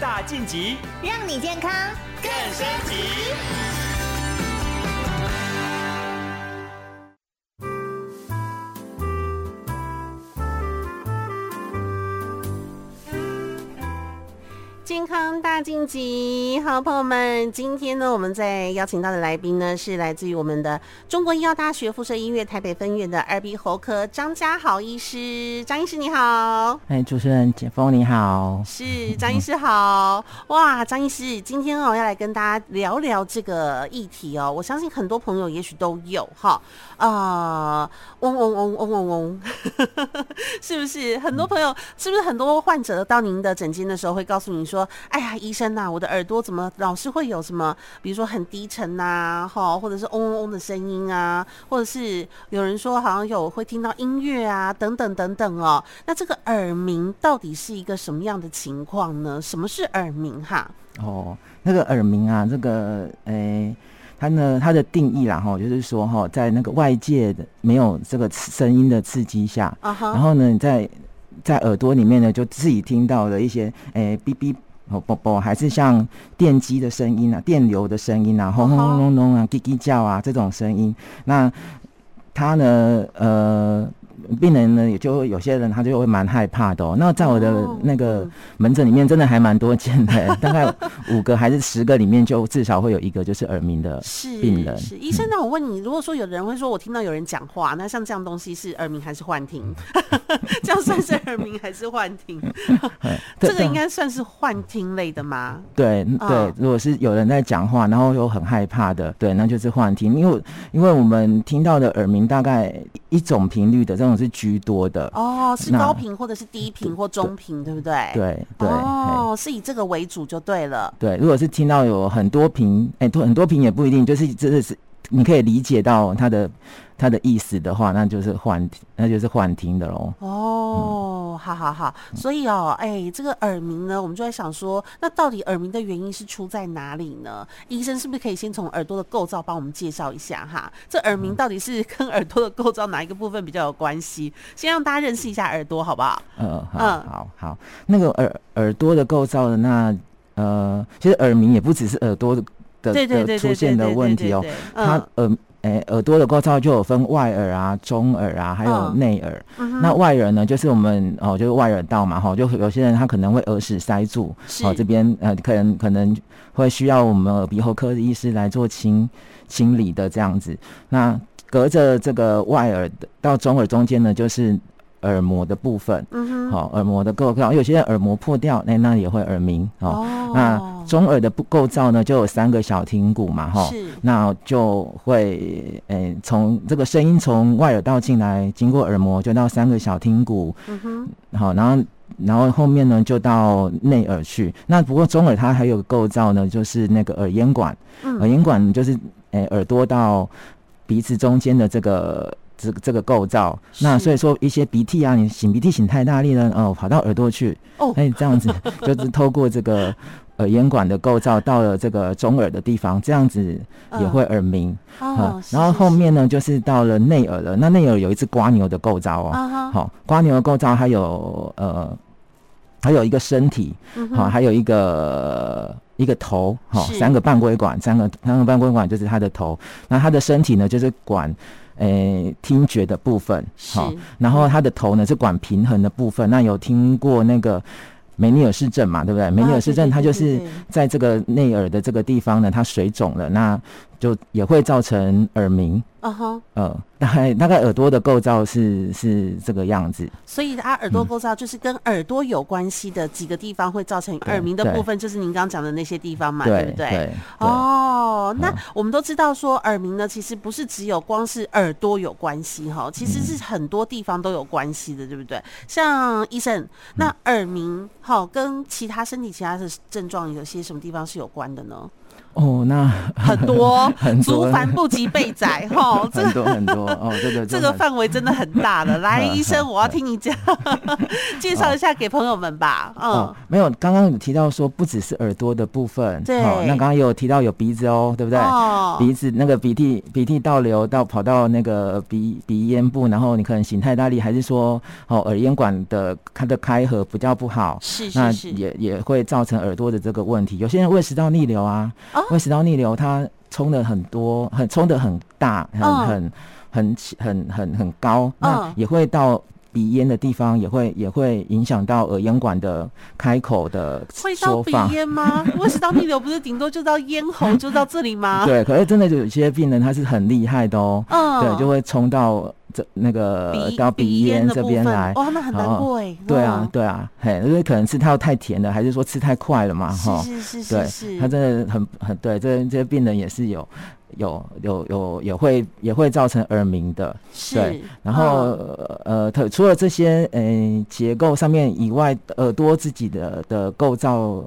大進擊，讓你健康更升級。康大進擊，好朋友們，今天呢，我們在邀請到的來賓呢，是來自於我們的中國醫藥大學附設醫院台北分院的耳鼻喉科張家豪醫師。張醫師你好，哎，主持人潔楓你好，是張醫師好，嗯嗯、哇，張醫師今天哦要來跟大家聊聊這個議題哦，我相信很多朋友也許都有哈，啊、呃，嗡嗡嗡嗡嗡嗡，是不是？很多朋友是不是很多患者到您的診間的時候會告訴你說，哎呀，醫生吶，我的耳朵怎麼老是會有什麼，比如說很低沉吶，或者是嗡嗡嗡的聲音啊，或者是有人說好像有會聽到音樂啊，等等等等哦。那這個耳鳴到底是一個什麼樣的情況呢？什麼是耳鳴哈？哦，那個耳鳴啊，這個誒，它呢，它的定義啦哈，就是說哈，在那個外界沒有這個聲音的刺激下，啊哈。然後呢，在在耳朵裡面呢，就自己聽到了一些誒，嗶嗶哦，不不，還是像電機的聲音啊，電流的聲音啊，轟轟隆隆啊，嘰嘰叫啊，這種聲音。那它呢，呃。病人呢，也就有些人他就會蠻害怕的喔。哦，那在我的那個門診裡面，真的還蠻多見的欸，哦嗯，大概五個還是十個裡面，就至少會有一個就是耳鳴的病人。是，是，醫生，那我問你，嗯，如果說有人會說我聽到有人講話，那像這樣東西是耳鳴還是幻聽？ 這樣算是耳鳴還是幻聽？ 對對，這個應該算是幻聽類的嗎？對對，對啊，如果是有人在講話，然後又很害怕的，對，那就是幻聽。因為因為我們聽到的耳鳴大概一種頻率的這種。是居多的哦，是高頻或者是低頻或中頻，對不對？那？對對哦，是以這個為主就對了。對，如果是聽到有很多頻，哎，多很多頻也不一定，就是真的是。你可以理解到它的它的意思的話，那就是幻聽，那就是幻聽的嘍。哦、oh, 嗯，好好好，所以哦，哎、欸，這個耳鳴呢，我們就在想說，那到底耳鳴的原因是出在哪裡呢？醫生是不是可以先從耳朵的構造幫我們介紹一下哈？這耳鳴到底是跟耳朵的構造哪一個部分比較有關係？先讓大家認識一下耳朵，好不好？嗯、呃，好，嗯、好，好，那個耳耳朵的構造的那呃，其實耳鳴也不只是耳朵的。的的出現的問題哦，他耳誒耳朵的構造就有分外耳啊、中耳啊，還有內耳。哦、那外耳呢，就是我們哦，就是外耳道嘛，哈、哦，就有些人他可能會耳屎塞住，是哦，這邊呃可能可能會需要我們耳鼻喉科的醫師來做清清理的這樣子。那隔着這個外耳的到中耳中間呢，就是。耳膜的部分，好、嗯哼，耳膜的構造，有些耳膜破掉，欸、那也會耳鳴。喔、哦，那中耳的構造呢，就有三個小聽骨嘛，哈是，那就會，誒、欸，從這個聲音從外耳道進來，經過耳膜，就到三個小聽骨，嗯哼，好、喔，然後，然後後面呢，就到內耳去。那不過中耳它還有個構造呢，就是那個耳咽管，嗯、耳咽管就是，誒、欸，耳朵到鼻子中間的這個。這這個構造，是那所以說一些鼻涕啊，你擤鼻涕擤太大力呢，哦，跑到耳朵去，那你、哦、這樣子就是透過這個耳咽管的構造到了這個中耳的地方，這樣子也會耳鳴。好，然後後面呢是是是就是到了內耳了，那內耳有一隻蝸牛的構造哦，好、哦，蝸、哦、牛的構造還有呃還有一個身體，好、嗯哼，還、哦、有一個一個頭，好、哦，是三個半規管，三個三個半規管就是它的頭，那它的身體呢就是管。誒，聽覺的部分好，哦、是然後他的頭呢是管平衡的部分。那有聽過那個梅尼爾氏症嘛？對不對？梅尼爾氏症它就是在這個內耳的這個地方呢，它水腫了。那就也會造成耳鳴，嗯哼、uh，huh. 呃，大概大概耳朵的構造是是這個樣子，所以它耳朵構造就是跟耳朵有關係的幾個地方會造成耳鳴的部分，就是您剛剛講的那些地方嘛，對,對不對？對。哦，oh, 對那我們都知道說耳鳴呢，其實不是只有光是耳朵有關係哈，其實是很多地方都有關係的，嗯、對不對？像醫生，那耳鳴齁跟其他身體其他的症狀有些什麼地方是有關的呢？哦，那很多，族繁 不及備載哈，這個 很多，很多哦，這個 這個範圍真的很大的。來，嗯、醫生，嗯、我要聽你講，嗯、介紹一下給朋友們吧。嗯，哦、沒有，剛剛你提到說不只是耳朵的部分，對，哦、那剛剛有提到有鼻子哦，對不對？哦，鼻子那個鼻涕鼻涕倒流到跑到那個鼻鼻咽部，然後你可能擤太大力，還是說哦耳咽管的它的開合比較不好，是是，是那也也會造成耳朵的這個問題。有些人胃食道逆流啊。哦因為食道逆流，它衝的很多，很衝的很大，很、oh. 很很很很很高，那也會到。鼻咽的地方也會也會影響到耳咽管的開口的，會到鼻咽嗎？ 我只知道逆流不是頂多就到咽喉就到這裡嗎？ 對，可是真的有些病人他是很厲害的哦，嗯，對，就會衝到這那個到鼻咽這邊來，哇，們、哦、很難過，哦、對啊，對啊，嘿，因、就、為、是、可能吃太太甜了，還是說吃太快了嘛？哈，是是是是，是，他真的很很對，這這些病人也是有。有有有也會也會造成耳鳴的，是對。然後、啊、呃，它除了這些嗯、呃、結構上面以外，耳朵自己的的構造，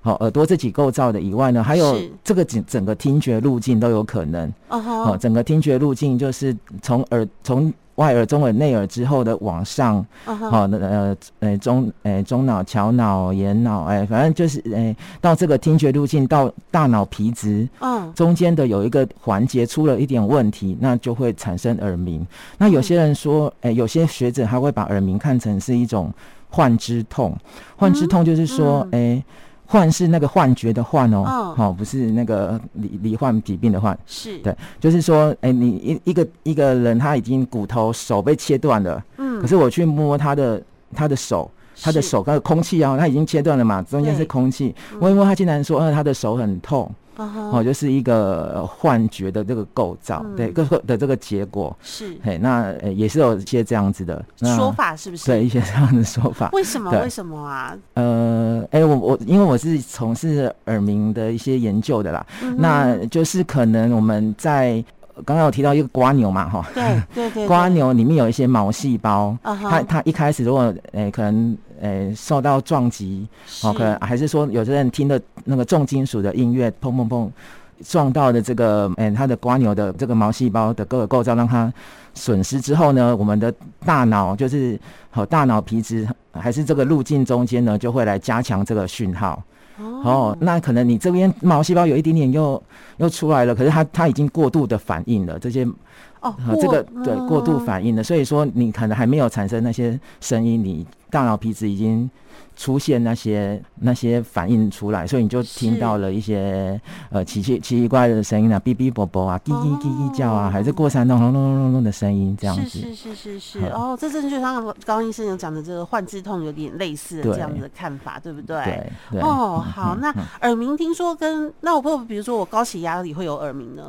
好，耳朵自己構造的以外呢，還有這個整整個聽覺路徑都有可能。哦吼是，啊、整個聽覺路徑就是從耳從。外耳、中耳、內耳之後的往上，好、uh，那、huh. 呃、哦，呃，中，呃，中腦、橋腦、延腦，哎、呃，反正就是，哎、呃，到這個聽覺路徑到大腦皮質，嗯、uh，huh. 中間的有一個環節出了一點問題，那就會產生耳鳴。那有些人說，哎、uh huh. 呃，有些學者他會把耳鳴看成是一種幻肢痛，幻肢痛就是說，哎、uh。Huh. 誒幻是那個幻覺的幻哦，喔，好、oh. 喔，不是那個罹罹患疾病的患，是，對，就是說，哎，欸，你一一個一個人他已經骨頭手被切斷了，嗯，可是我去摸他的他的，是他的手，他的手跟空氣啊，他已經切斷了嘛，中間是空氣，對我一摸他竟然說，呃，他的手很痛。哦，就是一個幻覺的這個構造，嗯、對各個的這個結果是，嘿，那也是有一些這樣子的說法，是不是？對一些這樣的說法，為什麼？對為什麼啊？呃，哎、欸，我我因為我是從事耳鳴的一些研究的啦，嗯、哼那就是可能我們在。剛剛有提到一個蝸牛嘛，哈，對對對，蝸牛裡面有一些毛細胞，uh huh、它它一開始如果誒、呃、可能誒、呃、受到撞擊，是哦，可能、啊、還是說有些人聽的那個重金屬的音樂，砰砰砰撞到的這個誒、呃、它的蝸牛的這個毛細胞的各個構造，讓它損失之後呢，我們的大腦就是和、哦、大腦皮質還是這個路徑中間呢，就會來加強這個訊號。哦，oh, 那可能你這邊毛細胞有一點點又又出來了，可是它它已經過度的反應了這些，哦，這個對過度反應了，所以說你可能還沒有產生那些聲音，你大腦皮質已經。出現那些那些反應出來，所以你就聽到了一些是呃奇奇奇奇怪的聲音啊，嗶嗶啵啵啊，滴滴滴滴叫啊，哦、還是過山洞隆隆隆隆的聲音這樣子。是是是是，是，是、嗯、哦，這正就像剛剛醫生有講的，這個幻肢痛有點類似的這樣子的看法，對，對不對？對對。對哦，好，那耳鳴聽說跟、嗯、哼那我會不會，比如說我高血壓裡會有耳鳴呢？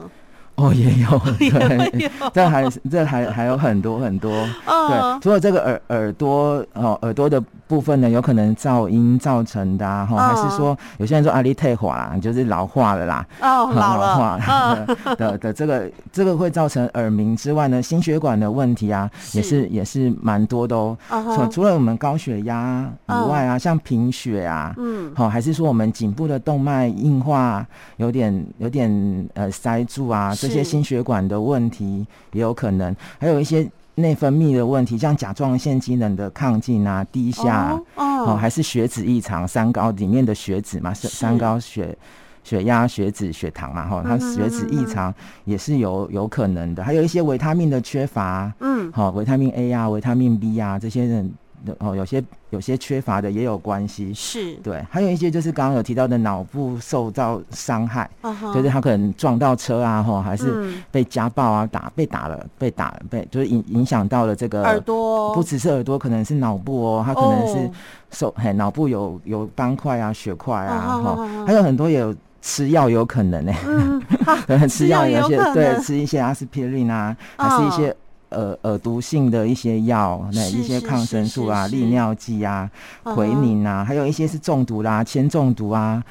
哦，也有，也有，這還這還還有很多很多，哦，對，除了這個耳耳朵哦，耳朵的部分呢，有可能噪音造成的哈，還是說有些人說阿力退化啦，就是老化了啦，哦，老化的的的這個這個會造成耳鳴之外呢，心血管的問題啊，也是也是蠻多的哦，除除了我們高血壓以外啊，像貧血啊，嗯，好，還是說我們頸部的動脈硬化有點有點呃塞住啊。這些心血管的問題也有可能，還有一些內分泌的問題，像甲狀腺機能的亢進啊、低下，oh, oh. 哦，還是血脂異常、三高裡面的血脂嘛，是三高血、血壓、血脂、血糖嘛，哈、哦，它血脂異常也是有有可能的，還有一些維他命的缺乏，嗯、哦，好，維他命 A 呀、啊、維他命 B 呀、啊，這些人。哦，有些有些缺乏的也有關係，是對，還有一些就是剛剛有提到的腦部受到傷害，uh huh，就是他可能撞到車啊，齁，還是被家暴啊，打被打了，被打了被，就是影影響到了這個耳朵，不只是耳朵，可能是腦部哦，他可能是手，oh，嘿，腦部有有斑塊啊，血塊啊，齁，uh huh，還有很多也有吃藥有可能誒，吃藥有些有對，吃一些阿司匹林啊，uh huh，還是一些。耳耳毒性的一些藥，那、嗯、一些抗生素啊、是是是是利尿劑啊、奎寧啊，uh huh、還有一些是中毒啦、啊，鉛中毒啊、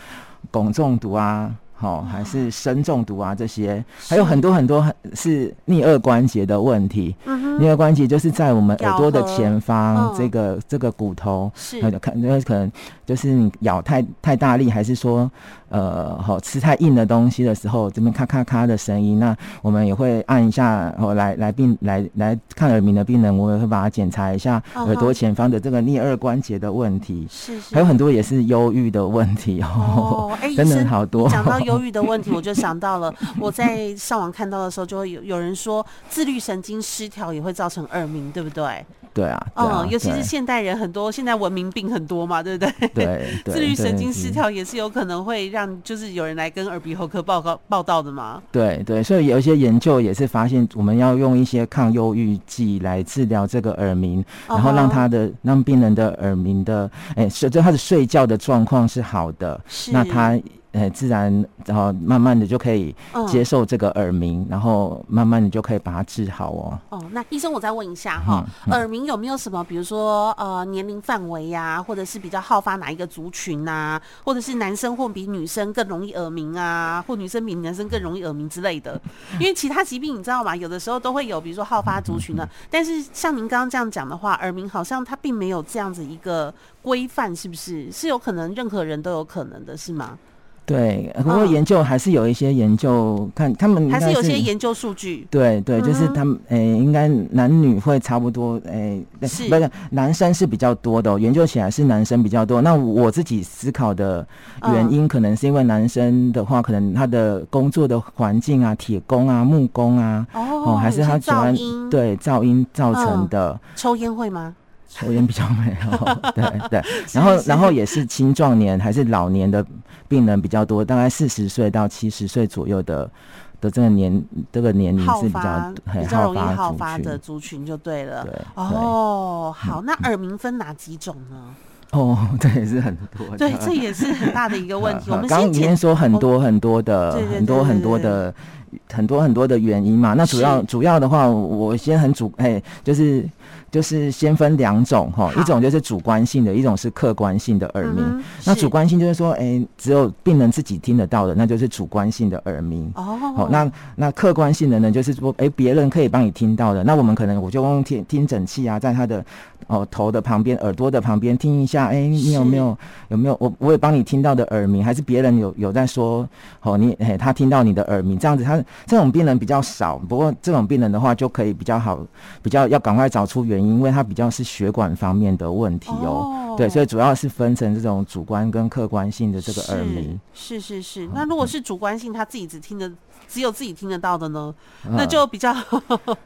汞中毒啊，好、哦 uh huh、還是砷中毒啊？這些是還有很多很多是顳顎關節的問題。Uh huh、顳顎關節就是在我們耳朵的前方，合這個、嗯這個、這個骨頭是看可能就是你咬太太大力，還是說？呃，好、哦、吃太硬的東西的時候，這邊咔咔咔的聲音，那我們也會按一下。然、哦、後來來病來來看耳鳴的病人，我也會把它檢查一下耳朵前方的這個顳顎關節的問題。是是、哦哦，還有很多也是憂鬱的問題哦，真的好多。講到憂鬱的問題，問題 我就想到了我在上網看到的時候，就會有有人說自律神經失調也會造成耳鳴，對不對？對啊，嗯、哦，啊、尤其是現代人很多，對現在文明病很多嘛，對不對？對，自律神經失調也是有可能會讓，就是有人來跟耳鼻喉科報告報道的嘛。對對，所以有一些研究也是發現，我們要用一些抗憂鬱劑來治療這個耳鳴，然後讓他的、哦、讓病人的耳鳴的，哎，睡，就他的睡覺的狀況是好的，是那他。呃，自然，然後慢慢的就可以接受這個耳鳴，嗯、然後慢慢的就可以把它治好哦。哦，那醫生，我再問一下哈，耳鳴有沒有什麼，比如說呃，年齡範圍呀，或者是比較好發哪一個族群吶、啊，或者是男生或比女生更容易耳鳴啊，或女生比男生更容易耳鳴之類的？ 因為其他疾病你知道嗎？有的時候都會有，比如說好發族群的。嗯嗯嗯，但是像您剛剛這樣講的話，耳鳴好像它並沒有這樣子一個規範，是不是？是有可能任何人都有可能的，是嗎？對，不過研究還是有一些研究，嗯、看他們是還是有些研究數據。對對，對嗯、就是他們誒、欸，應該男女會差不多誒、欸是，不是男生是比較多的，研究起來是男生比較多。那我自己思考的原因，可能是因為男生的話，嗯、可能他的工作的環境啊，鐵工啊、木工啊，哦，哦，還是他喜歡噪對噪音造成的，嗯、抽菸會嗎？抽煙比較沒有，對對，然後然後也是青壯年還是老年的病人比較多，大概四十歲到七十歲左右的的這個年這個年齡是比較很容易好發的族群就對了。哦，好，那耳鳴分哪幾種呢？哦，這也是很多，對，這也是很大的一個問題。我們剛已經說很多很多的，很多很多的，很多很多的原因嘛。那主要主要的話，我先很主哎，就是。就是先分兩種哈，一種就是主觀性的，一種是客觀性的耳鳴。好那主觀性就是說，哎、欸，只有病人自己聽得到的，那就是主觀性的耳鳴。哦，好，那那客觀性的呢，就是說，哎、欸，別人可以幫你聽到的。那我們可能我就用聽聽診器啊，在他的哦頭的旁邊、耳朵的旁邊聽一下，哎、欸，你有沒有有沒有我我也幫你聽到的耳鳴？還是別人有有在說，哦，你哎、欸、他聽到你的耳鳴這樣子他？他這種病人比較少，不過這種病人的話就可以比較好，比較要趕快找出原因。因為它比較是血管方面的問題哦，哦對，所以主要是分成這種主觀跟客觀性的這個耳鳴，是是是。那如果是主觀性，他、嗯、自己只聽得只有自己聽得到的呢，那就比較、嗯、呵呵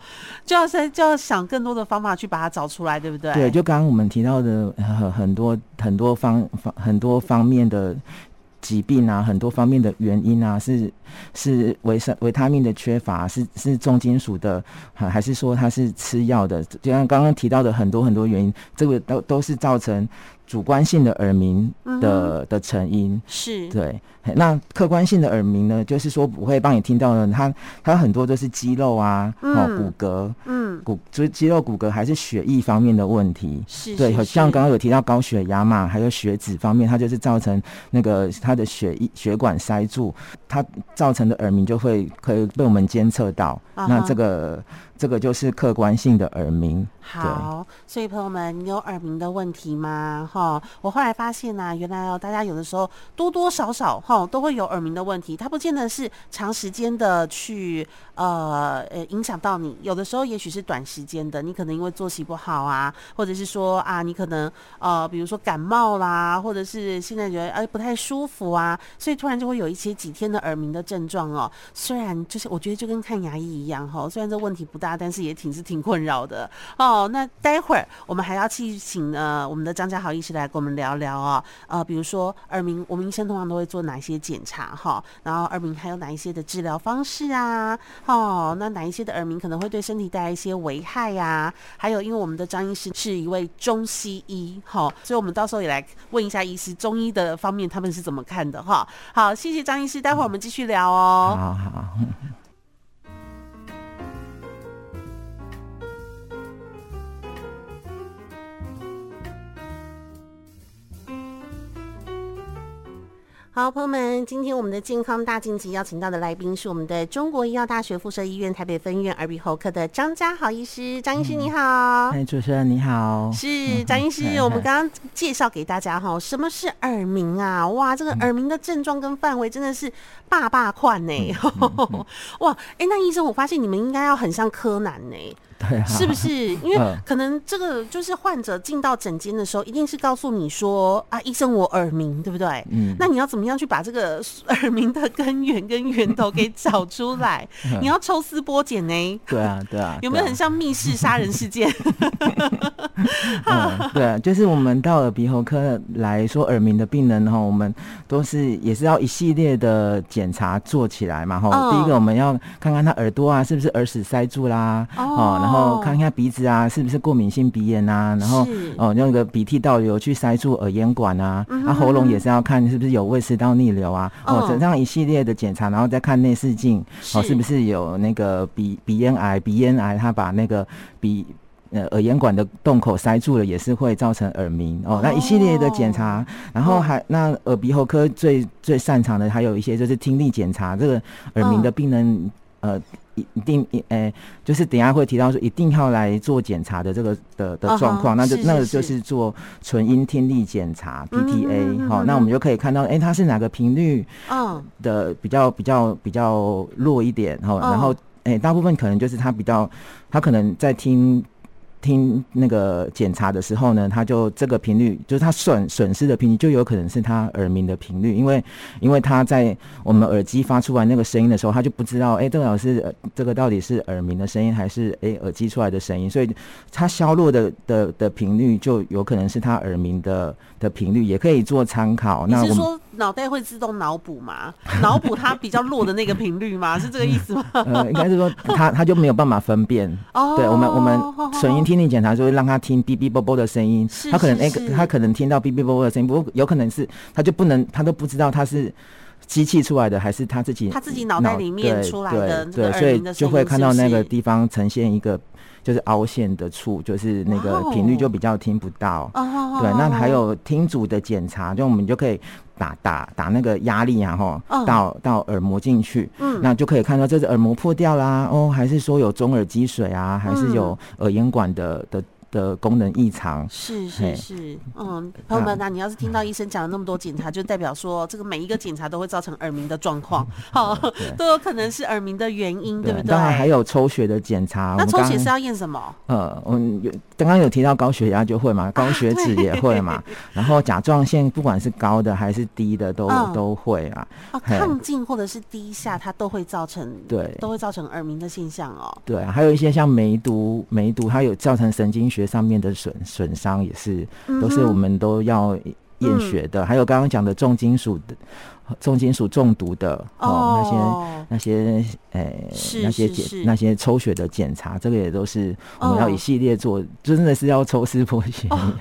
就要就要想更多的方法去把它找出來，對不對？對，就剛剛我們提到的很多很多方方很多方面的。疾病啊，很多方面的原因啊，是是維生維他命的缺乏，是是重金屬的、啊，還是說他是吃藥的？就像剛剛提到的很多很多原因，這個都都是造成主觀性的耳鳴的、嗯、哼的成因。是，對。那客觀性的耳鳴呢，就是說我會幫你聽到的，它它很多都是肌肉啊，哦、嗯，骨骼，嗯。骨就是肌肉、骨骼還是血液方面的問題，是是是對，像剛剛有提到高血壓嘛，還有血脂方面，它就是造成那個它的血液血管塞住，它造成的耳鳴就會可以被我們監測到， 那這個。 這個就是客觀性的耳鳴。好，所以朋友們，你有耳鳴的問題嗎？哈，我後來發現呢、啊，原來哦，大家有的時候多多少少哈都會有耳鳴的問題，它不見得是長時間的去呃呃影響到你。有的時候也許是短時間的，你可能因為作息不好啊，或者是說啊，你可能呃，比如說感冒啦，或者是現在覺得哎不太舒服啊，所以突然就會有一些幾天的耳鳴的症狀哦。雖然就是我覺得就跟看牙醫一樣哈，雖然這問題不大。但是也挺是挺困擾的哦。那待會兒我們還要去請呃我們的張家豪醫師來跟我們聊聊啊。呃，比如說耳鳴，我們醫生通常都會做哪些檢查哈？然後耳鳴還有哪一些的治療方式啊？哦，那哪一些的耳鳴可能會對身體帶來一些危害呀？還有，因為我們的張醫師是一位中西醫哈，所以我們到時候也來問一下醫師中醫的方面他們是怎麼看的哈。好，謝謝張醫師，待會兒我們繼續聊哦。好好。好好。好，朋友們，今天我們的健康大進擊邀請到的來賓是我們的中國醫藥大學附設醫院台北分院耳鼻喉科的張家豪醫師。張醫師你好，嗯、主持人你好，是張、嗯、哼醫師。嘿嘿，我們剛剛介紹給大家哈，什麼是耳鳴啊？哇，這個耳鳴的症狀跟範圍真的是。爸爸款呢、欸嗯嗯嗯？哇，哎、欸，那醫生，我發現你們應該要很像柯南呢、欸，對啊，是不是？因為可能這個就是患者進到診間的時候，一定是告訴你說啊，醫生我耳鳴，對不對？嗯，那你要怎麼樣去把這個耳鳴的根源、跟源頭給找出來？嗯、你要抽絲剝繭呢？對啊，對啊， 有沒有很像密室殺人事件？對啊，就是我們到耳鼻喉科來說耳鳴的病人哈，我們都是也是要一系列的。檢查做起來嘛，吼，oh. 第一個我們要看看他耳朵啊，是不是耳屎塞住啦，啊，哦、oh.，然後看看鼻子啊，是不是過敏性鼻炎啊，是然後哦、那、呃、個鼻涕倒流去塞住耳咽管啊，他、mm hmm. 啊、喉嚨也是要看是不是有胃食道逆流啊，哦、oh.，這樣一系列的檢查，然後再看內視鏡，哦、oh.，是不是有那個鼻鼻咽癌？鼻咽癌他把那個鼻呃，耳咽管的洞口塞住了，也是會造成耳鳴哦。那一系列的檢查，oh, 然後還、oh. 那耳鼻喉科最最擅長的，還有一些就是聽力檢查。這個耳鳴的病人，oh. 呃，一定，誒、欸，就是等下會提到說一定要來做檢查的這個的的狀況，uh、huh, 那就是是是那個就是做純音聽力檢查 PTA 哈、mm hmm. 哦。那我們就可以看到，誒、欸，他是哪個頻率的比較、oh. 比較比較弱一點？哈、哦，oh. 然後，誒、欸，大部分可能就是他比較，他可能在聽。聽那個檢查的時候呢，他就這個頻率，就是他損損失的頻率，就有可能是他耳鳴的頻率，因為，因為他在我們耳機發出來那個聲音的時候，他就不知道，哎、欸，鄧、這個、老師、呃、這個到底是耳鳴的聲音還是哎、欸、耳機出來的聲音，所以他削弱的的的頻率就有可能是他耳鳴的的頻率，也可以做參考。你是說腦袋會自動腦補嘛？腦補他比較弱的那個頻率嘛？是這個意思嗎？ 呃、應該是說他他就沒有辦法分辨。哦、 oh,，對我們我們純音聽。聽力檢查就會讓他聽嗶嗶啵啵啵的聲音，他可能哎、欸，他可能聽到嗶嗶啵啵的聲音，不過有可能是他就不能，他都不知道他是。機器出來的還是他自己他自己腦袋裡面出來的，的是是對對對，所以就會看到那個地方呈現一個就是凹陷的處，就是那個頻率就比較聽不到。Wow 對，那還有聽骨的檢查，就我們就可以打打打那個壓力，啊，後到、oh. 到，到耳膜進去，嗯、那就可以看到這是耳膜破掉啦，哦，還是說有中耳積水啊，還是有耳咽管的的。的功能異常是是是。嗯，朋友們，那你要是聽到醫生講了那麼多檢查，就代表說這個每一個檢查都會造成耳鳴的狀況，好，都有可能是耳鳴的原因，對不對？當然還有抽血的檢查，那抽血是要驗什麼？呃，我剛剛有提到高血壓就會嘛，高血脂也會嘛，然後甲狀腺不管是高的還是低的都都會啊，啊，亢進或者是低下，它都會造成，對，都會造成耳鳴的現象哦。對，還有一些像梅毒，梅毒它有造成神經血。上面的損損傷也是，嗯、哼都是我們都要驗血的。嗯、還有剛剛講的重金屬的重金屬中毒的哦，哦那，那些、欸、是那些呃，那些檢那些抽血的檢查，這個也都是我們要一系列做，哦、真的是要抽絲剝繭一樣。哦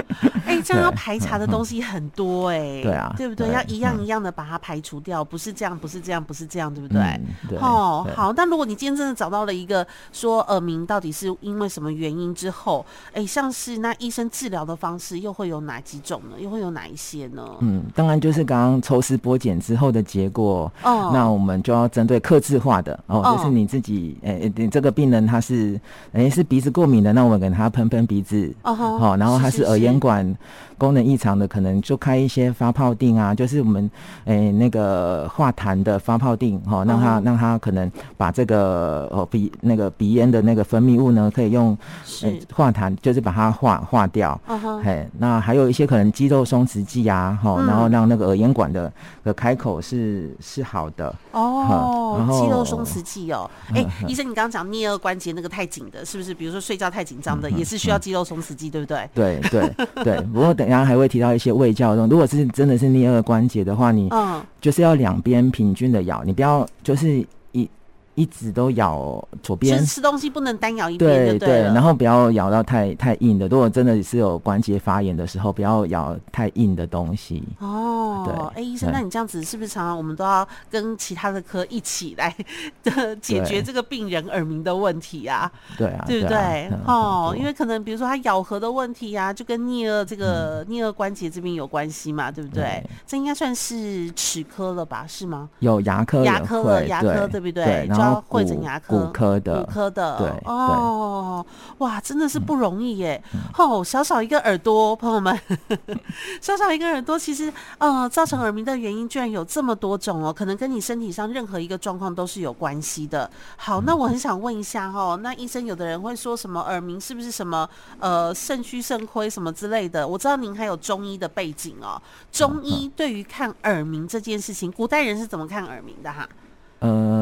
哎，這樣要排查的東西很多哎，對啊，對不對？要一樣一樣的把它排除掉，不是這樣，不是這樣，不是這樣，對不對？對，哦，好，但如果你今天真的找到了一個說耳鳴到底是因為什麼原因之後，哎，像是那醫生治療的方式又會有哪幾種呢？又會有哪一些呢？嗯，當然就是剛剛抽絲剝繭之後的結果，哦，那我們就要針對客製化的哦，就是你自己，哎，你這個病人他是哎是鼻子過敏的，那我們給他噴噴鼻子，哦哈，好，然後他是耳咽管管功能異常的，可能就開一些發泡錠啊，就是我們誒那個化痰的發泡錠哈，讓它讓它可能把這個哦鼻那個鼻咽的那個分泌物呢，可以用是化痰，就是把它化化掉。嗯哼，嘿，那還有一些可能肌肉鬆弛劑啊，哈，然後讓那個耳咽管的的開口是是好的。哦，肌肉鬆弛劑哦，哎，醫生，你剛剛講顳顎關節那個太緊的，是不是？比如說睡覺太緊張的，也是需要肌肉鬆弛劑，對不對？對對。 對，不過等一下還會提到一些衛教的東西。如果是真的是顳顎關節的話，你就是要兩邊平均的咬，你不要就是。一直都咬左邊，其實吃東西不能單咬一邊，對對。然後不要咬到太太硬的。如果真的是有關節發炎的時候，不要咬太硬的東西。哦，對。哎，醫生，那你這樣子是不是常常我們都要跟其他的科一起來解決這個病人耳鳴的問題啊？對啊，對不對？哦，因為可能比如說他咬合的問題呀，就跟顳顎這個顳顎關節這邊有關係嘛，對不對？這應該算是齒科了吧，是嗎？有牙科，牙科了，牙科，對不對？然後。貴診牙科、骨科的、骨科的，對，對哦，哇，真的是不容易耶！嗯嗯、哦，小小一個耳朵，朋友們，呵呵小小一個耳朵，其實呃，造成耳鳴的原因居然有這麼多種哦，可能跟你身體上任何一個狀況都是有關係的。好，那我很想問一下哈、哦，那醫生，有的人會說什麼耳鳴是不是什麼呃腎虛腎虧什麼之類的？我知道您還有中醫的背景哦，中醫對於看耳鳴這件事情，嗯嗯、古代人是怎麼看耳鳴的哈？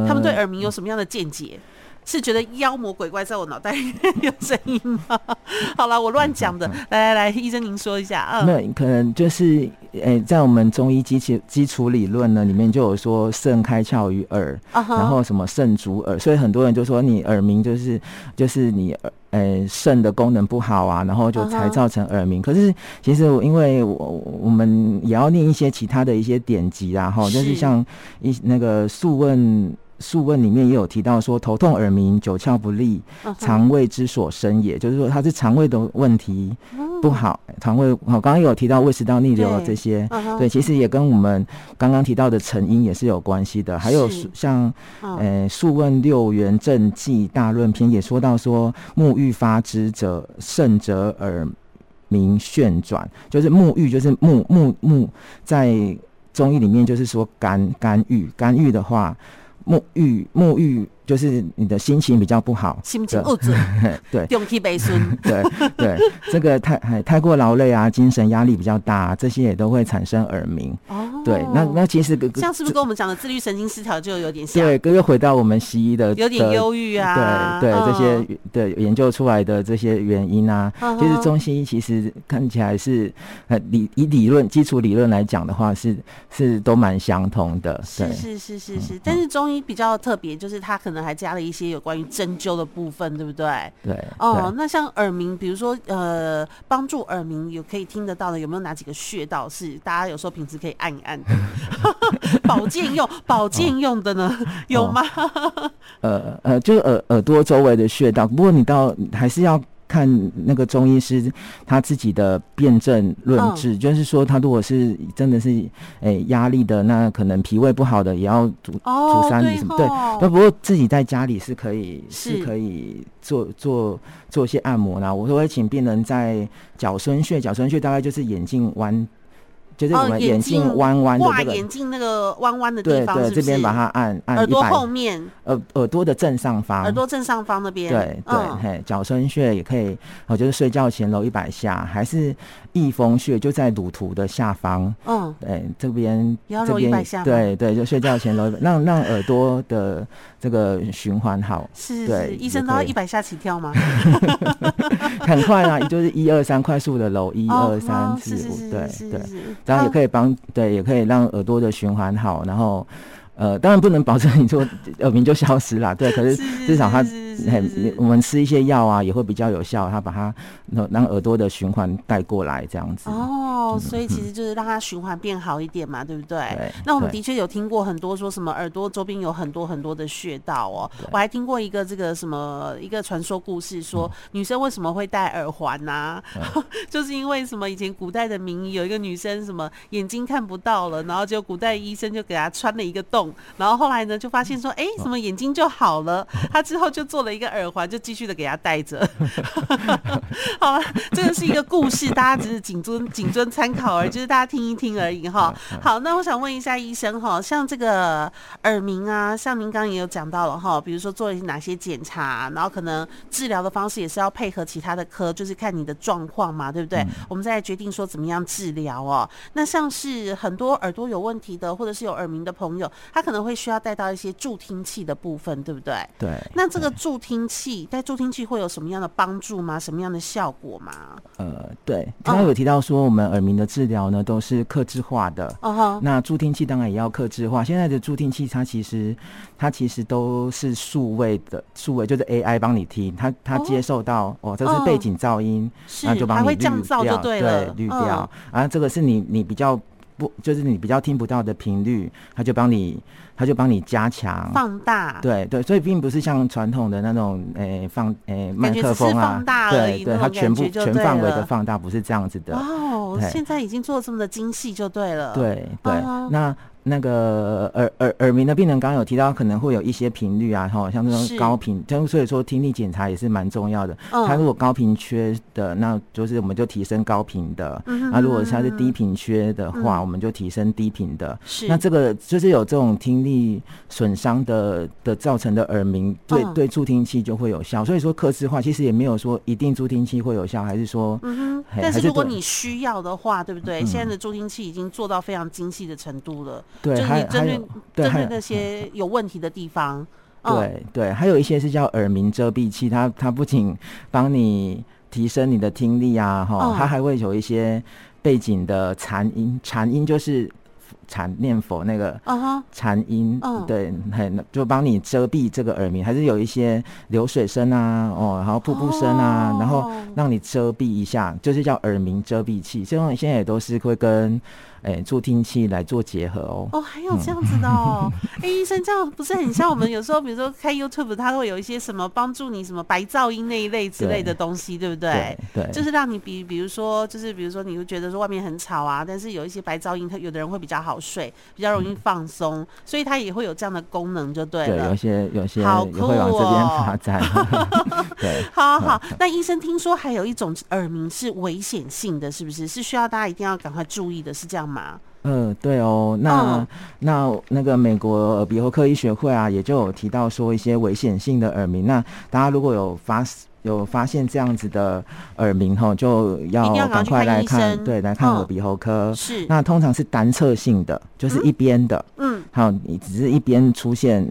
他們對耳鳴有什麼樣的見解？嗯、是覺得妖魔鬼怪在我腦袋裡有聲音嗎？ 好了，我亂講的。嗯嗯、來來來，醫生您說一下啊。沒有、嗯、可能就是，呃、欸，在我們中醫基礎基礎理論呢裡面就有說腎開竅於耳，嗯、然後什麼腎主耳，嗯、所以很多人就說你耳鳴就是就是你耳。呃，腎的功能不好啊，然後就才造成耳鳴。Uh huh. 可是其實因為我我，我們也要念一些其他的一些典籍，啊。哈，是就是像一那個素問。素問裡面也有提到說，頭痛耳鳴、九竅不利，腸 Okay. 胃之所生也，也就是說，它是腸胃的問題不好。腸、嗯、胃，我剛剛有提到胃食道逆流這些，對，對，其實也跟我們剛剛提到的成因也是有關係的。是還有像，好呃，《素問六元正紀大論篇》也說到說，木鬱發之者，甚則耳鳴旋轉，就是木鬱，就是木木木，在中醫裡面就是說肝肝鬱、肝鬱的話。沐浴，沐浴。就是你的心情比較不好，心情不順，對，對對，這個太太過勞累啊，精神壓力比較大啊，這些也都會產生耳鳴。哦，對，那那其實哥哥。像是不是跟我們講的自律神經失調就有點像？對，哥哥回到我們西醫的有點憂鬱啊。對對，這些對研究出來的這些原因啊，其實中西醫其實看起來是很理以理論基礎理論來講的話，是是都蠻相同的。是是是是是，但是中醫比較特別，就是它可。還加了一些有關於針灸的部分，對不對？對哦，對那像耳鳴，比如說呃，幫助耳鳴有可以聽得到的，有沒有哪幾個穴道是大家有時候平時可以按一按， 保健用保健用的呢？哦、有嗎？ 呃呃，就是耳耳朵周圍的穴道，不過你到還是要。看那個中醫師他自己的辯證論治，嗯、就是說他如果是真的是哎壓、欸、力的，那可能脾胃不好的也要足足、哦、三里什麼對，那、哦、不過自己在家裡是可以是，是可以做做做一些按摩啦。我說我請病人在角孫穴，角孫穴大概就是眼鏡彎。就是我們眼睛彎彎，對眼睛那個彎彎的地方，對對，這邊把它按按。耳朵後面，耳耳朵的正上方，耳朵正上方那邊，對對，嘿，角孫穴也可以。哦，就是睡覺前揉一百下，還是翳風穴就在乳突的下方，嗯，對，這邊，這邊，對對，就睡覺前揉，讓讓耳朵的這個循環好。是，對，醫生都要一百下起跳嗎？很快啦、啊，就是一二三快速的揉一二三四五，對對，然後也可以幫、啊、對，也可以讓耳朵的循環好，然後呃，當然不能保證你說耳鳴就消失啦， 對，可是至少它。很，我們吃一些藥啊，也會比較有效。他把它讓耳朵的循環帶過來，這樣子哦。所以其實就是讓它循環變好一點嘛，嗯、對不對，對？那我們的確有聽過很多說什麼耳朵周邊有很多很多的穴道哦。對 我還聽過一個這個什麼一個傳說故事，說女生為什麼會戴耳環吶、啊？對 就是因為什麼以前古代的名醫有一個女生什麼眼睛看不到了，然後就古代醫生就給她穿了一個洞，然後後來呢就發現說哎、嗯哦欸、什麼眼睛就好了，她之後就做。的一個耳環就繼續的給他戴着， 好，這個是一個故事，大家只是謹遵謹遵參考而已，就是大家聽一聽而已哈。好，那我想問一下醫生哈，像這個耳鳴啊，像您剛剛也有講到了哈，比如說做一些哪些檢查，然後可能治療的方式也是要配合其他的科，就是看你的狀況嘛，對不對？嗯、我們再來決定說怎麼樣治療哦。那像是很多耳朵有問題的，或者是有耳鳴的朋友，他可能會需要帶到一些助聽器的部分，對不對？對。那這個助。助聽器，但助聽器會有什麼樣的幫助嗎？什麼樣的效果嗎？呃，對，剛剛有提到說我們耳鳴的治療呢，都是客製化的，uh huh. 那助聽器當然也要客製化。現在的助聽器它其實它其實都是數位的，數位就是 AI 幫你聽，它它接受到、uh huh. 哦這是背景噪音，那、uh huh. 就幫你濾掉會降噪就對濾掉。而、uh huh. 這個是你你比較。不，就是你比較聽不到的頻率，它就幫你，它就幫你加強、放大。對對，所以並不是像傳統的那種，欸、欸、放、欸、麥克風啊，放大而已，對、對，它全部全範圍的放大，不是這樣子的。哦，對，現在已經做這麼的精細就對了。對對，對 uh huh、那。那個耳耳耳鳴的病人，剛剛有提到可能會有一些頻率啊，哈，像這種高頻，所以是所以說，聽力檢查也是蠻重要的。他、嗯、如果高頻缺的，那就是我們就提升高頻的。嗯哼哼，那、啊、如果他是低頻缺的話，嗯、我們就提升低頻的。是，那這個就是有這種聽力損傷的的造成的耳鳴，對、嗯、對，助聽器就會有效。所以說客製化，個性化其實也沒有說一定助聽器會有效，還是說，嗯哼是但是如果你需要的話，對不對？嗯、哼現在的助聽器已經做到非常精細的程度了。對，針對針對那些有問題的地方，對、嗯、對，還有一些是叫耳鳴遮蔽器，它它不僅幫你提升你的聽力啊，哈、哦，嗯、它還會有一些背景的禪音，禪音就是禪念佛那個，嗯、啊、哈，禪音，對，嗯、很就幫你遮蔽這個耳鳴，還是有一些流水聲啊，哦，然後瀑布聲啊，哦、然後讓你遮蔽一下，就是叫耳鳴遮蔽器，這種現在也都是會跟。哎、欸，助聽器來做結合哦。哦，還有這樣子的哦。哎、 欸，醫生，這樣不是很像我們有時候，比如說開 YouTube，它會有一些什麼幫助你什麼白噪音那一類之類的東西，對，對不對？對。對就是讓你比，比如說，就是比如說，你會覺得說外面很吵啊，但是有一些白噪音，它有的人會比較好睡，比較容易放鬆，嗯、所以它也會有這樣的功能，就對了。對，有些有些會往這邊發展。好酷哦、 對。好，好好， 那醫生聽說還有一種耳鳴是危險性的，是不是？是需要大家一定要趕快注意的，是這樣嗎？嘛，嗯，對哦，那哦那那個美國耳鼻喉科醫學會啊，也就有提到說一些危險性的耳鳴。那大家如果有發有發現這樣子的耳鳴齁，就要趕快來看，要要看對，來看耳鼻喉科。哦、是，那通常是單側性的，就是一邊的，嗯，好，你只是一邊出現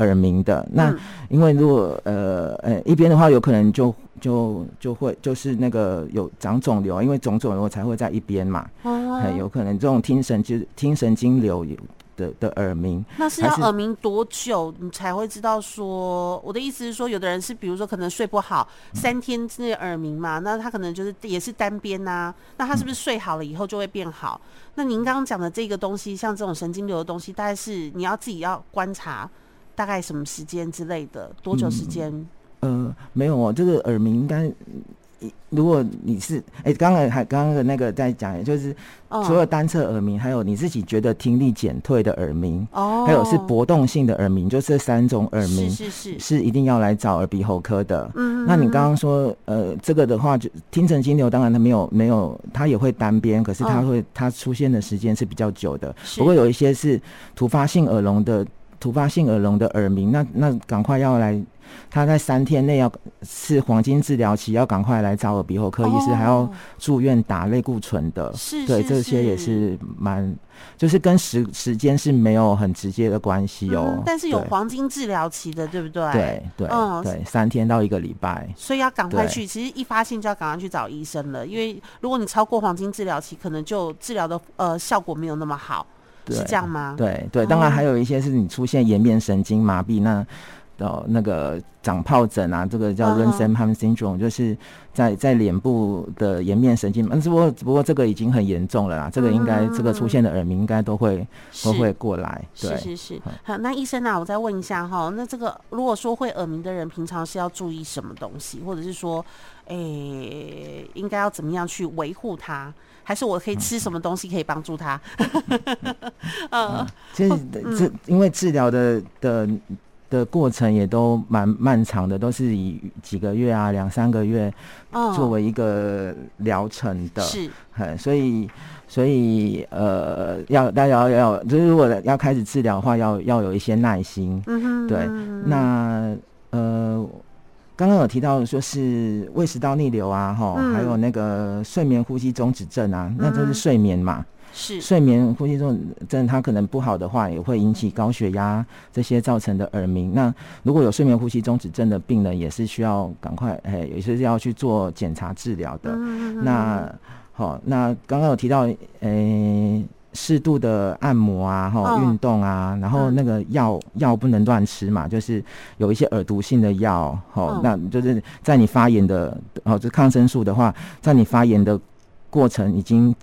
耳鳴的。那因為如果呃呃一邊的話，有可能就。就就會就是那個有長腫瘤，因為腫腫瘤才會在一邊嘛，很、啊嗯、有可能這種聽神就聽神經瘤的的耳鳴，那是要耳鳴多久是你才會知道說？說，我的意思是說，有的人是比如說可能睡不好，嗯、三天之內耳鳴嘛，那他可能就是也是單邊吶、啊，那他是不是睡好了以後就會變好？嗯、那您剛剛講的這個東西，像這種神經瘤的東西，大概是你要自己要觀察大概什麼時間之類的，多久時間？嗯呃，沒有哦，這個耳鳴。應該，如果你是哎，剛、欸、剛還剛剛的那個在講，就是除了單側耳鳴，還有你自己覺得聽力減退的耳鳴，哦，oh, 還有是搏動性的耳鳴，就是、這三種耳鳴是是是，一定要來找耳鼻喉科的。嗯，是那你剛剛說呃，這個的話就聽神經瘤，當然它沒有沒有，它也會單邊，可是它會它、oh, 出現的時間是比較久的。是不過有一些是突發性耳聾的，突發性耳聾的耳鳴，那那趕快要來。他在三天內要是黃金治療期，要趕快來找耳鼻喉科醫師，還要住院打類固醇的，哦。是，對，是是是這些也是蠻，就是跟時時間是沒有很直接的關係哦，嗯。但是有黃金治療期的，對不對？對對，對，對，嗯，對，三天到一個禮拜，所以要趕快去。對其實一發現就要趕快去找醫生了，因為如果你超過黃金治療期，可能就治療的呃效果沒有那麼好，對是這樣嗎？對對，當然還有一些是你出現顏面神經麻痹那。哦，那個長皰疹啊，這個叫 Ramsay Hunt Syndrome，就是在在臉部的顏面神經，嗯，只不過只不過這個已經很嚴重了啦。嗯、這個應該這個出現的耳鳴應該都會是都會過來，對，是是是。嗯、好，那醫生啊，我再問一下哈、哦，那這個如果說會耳鳴的人，平常是要注意什麼東西，或者是說，誒、欸，應該要怎麼樣去維護它？還是我可以吃什麼東西可以幫助它？呃，治這因為治療的的。的的過程也都蠻漫長的，都是以幾個月啊、兩三個月作為一個療程的。哦、是，很、嗯、所以所以呃，要大家要，要，要就是如果要開始治療的話，要要有一些耐心。嗯哼對。嗯哼那呃，剛剛有提到是說是胃食道逆流啊，哈，嗯、還有那個睡眠呼吸中止症啊，嗯、哼那就是睡眠嘛。是睡眠呼吸中症，它可能不好的話，也會引起高血壓這些造成的耳鳴。那如果有睡眠呼吸中止症的病人，也是需要趕快，哎、欸，也是要去做檢查治療的。嗯、哼哼哼那好、哦，那剛剛有提到，誒、欸，適度的按摩啊，哈、哦，運、哦、動啊，然後那個藥藥、嗯、不能亂吃嘛，就是有一些耳毒性的藥，好、哦，哦、那就是在你發炎的，哦，這抗生素的話，在你發炎的過程已經。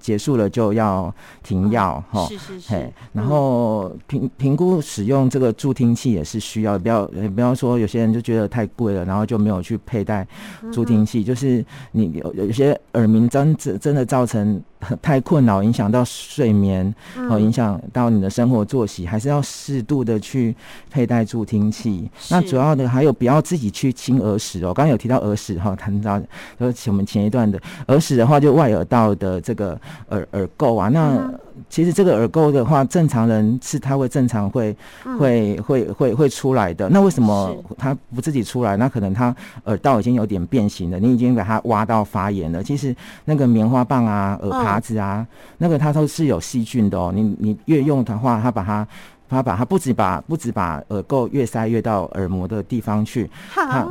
結束了就要停藥哈、哦，是是是。嘿嗯、然後評評估使用這個助聽器也是需要，不要不要說有些人就覺得太貴了，然後就沒有去佩戴助聽器。嗯嗯，就是你有有些耳鳴真真真的造成。太困擾，影響到睡眠，哦、嗯，影響到你的生活作息，還是要適度的去佩戴助聽器。是那主要的還有不要自己去清耳屎哦。剛剛有提到耳屎哈，談到說我們前一段的耳屎的話，就外耳道的這個耳耳垢啊，那。嗯啊其實這個耳垢的話，正常人是他會正常會、嗯、會會會會出來的。那為什麼他不自己出來？那可能他耳道已經有點變形了，你已經把它挖到發炎了。其實那個棉花棒啊、耳耙子啊，嗯、那個它都是有細菌的哦。你你越用的話，它把它。他把他不只把不只把耳垢越塞越到耳膜的地方去，他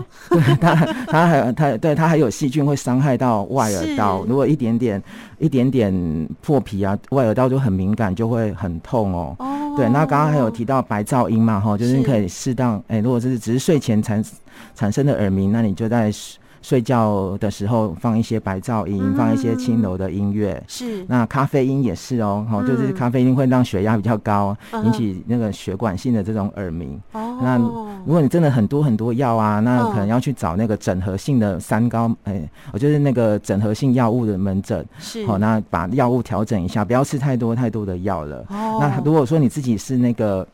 他他還他對他還有細菌會傷害到外耳道，是如果一點點一點點破皮啊，外耳道就很敏感，就會很痛哦。Oh、對，那剛剛還有提到白噪音嘛，哈，就是你可以適當，誒是、欸，如果這是只是睡前產產生的耳鳴，那你就在。睡覺的時候放一些白噪音，嗯、放一些輕柔的音樂。是，那咖啡因也是哦，好、嗯，就是咖啡因會讓血壓比較高，嗯、引起那個血管性的這種耳鳴。哦，那如果你真的很多很多藥啊，那可能要去找那個整合性的三高，誒、哦，我、哎、就是那個整合性藥物的門診。是，好、哦，那把藥物調整一下，不要吃太多太多的藥了。哦，那如果說你自己是那個。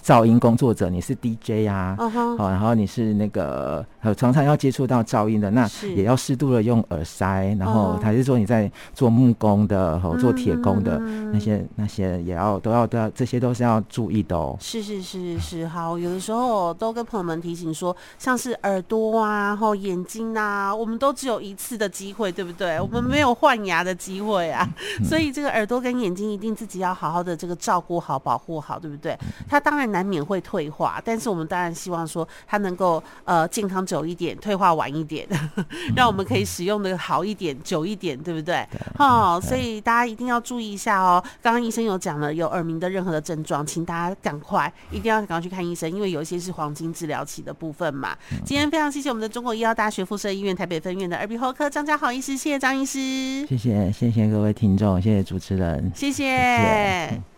噪音工作者，你是 DJ 啊，好、uh，huh. 然後你是那個，呃，常常要接觸到噪音的，那也要適度的用耳塞。Uh huh. 然後，還是說你在做木工的，和做鐵工的那些、uh huh. 那些，那些也要都要都要，這些都是要注意的哦。是是是是，好，有的時候都跟朋友們提醒說，像是耳朵啊，然後眼睛啊，我們都只有一次的機會，對不對？我們沒有換牙的機會啊， 所以這個耳朵跟眼睛一定自己要好好的這個照顧好、保護好，對不對？他當然。那難免會退化，但是我們當然希望說它能夠呃健康久一點，退化晚一點，呵呵讓我們可以使用的好一點、久一點，對不對？好、哦，所以大家一定要注意一下哦。剛剛醫生有講了，有耳鳴的任何的症狀，請大家趕快一定要趕快去看醫生，因為有一些是黃金治療期的部分嘛。嗯、今天非常謝謝我們的中國醫藥大學附設醫院台北分院的耳鼻喉科張家豪醫師，謝謝張醫師，謝謝謝謝各位聽眾，謝謝主持人，謝謝。謝謝。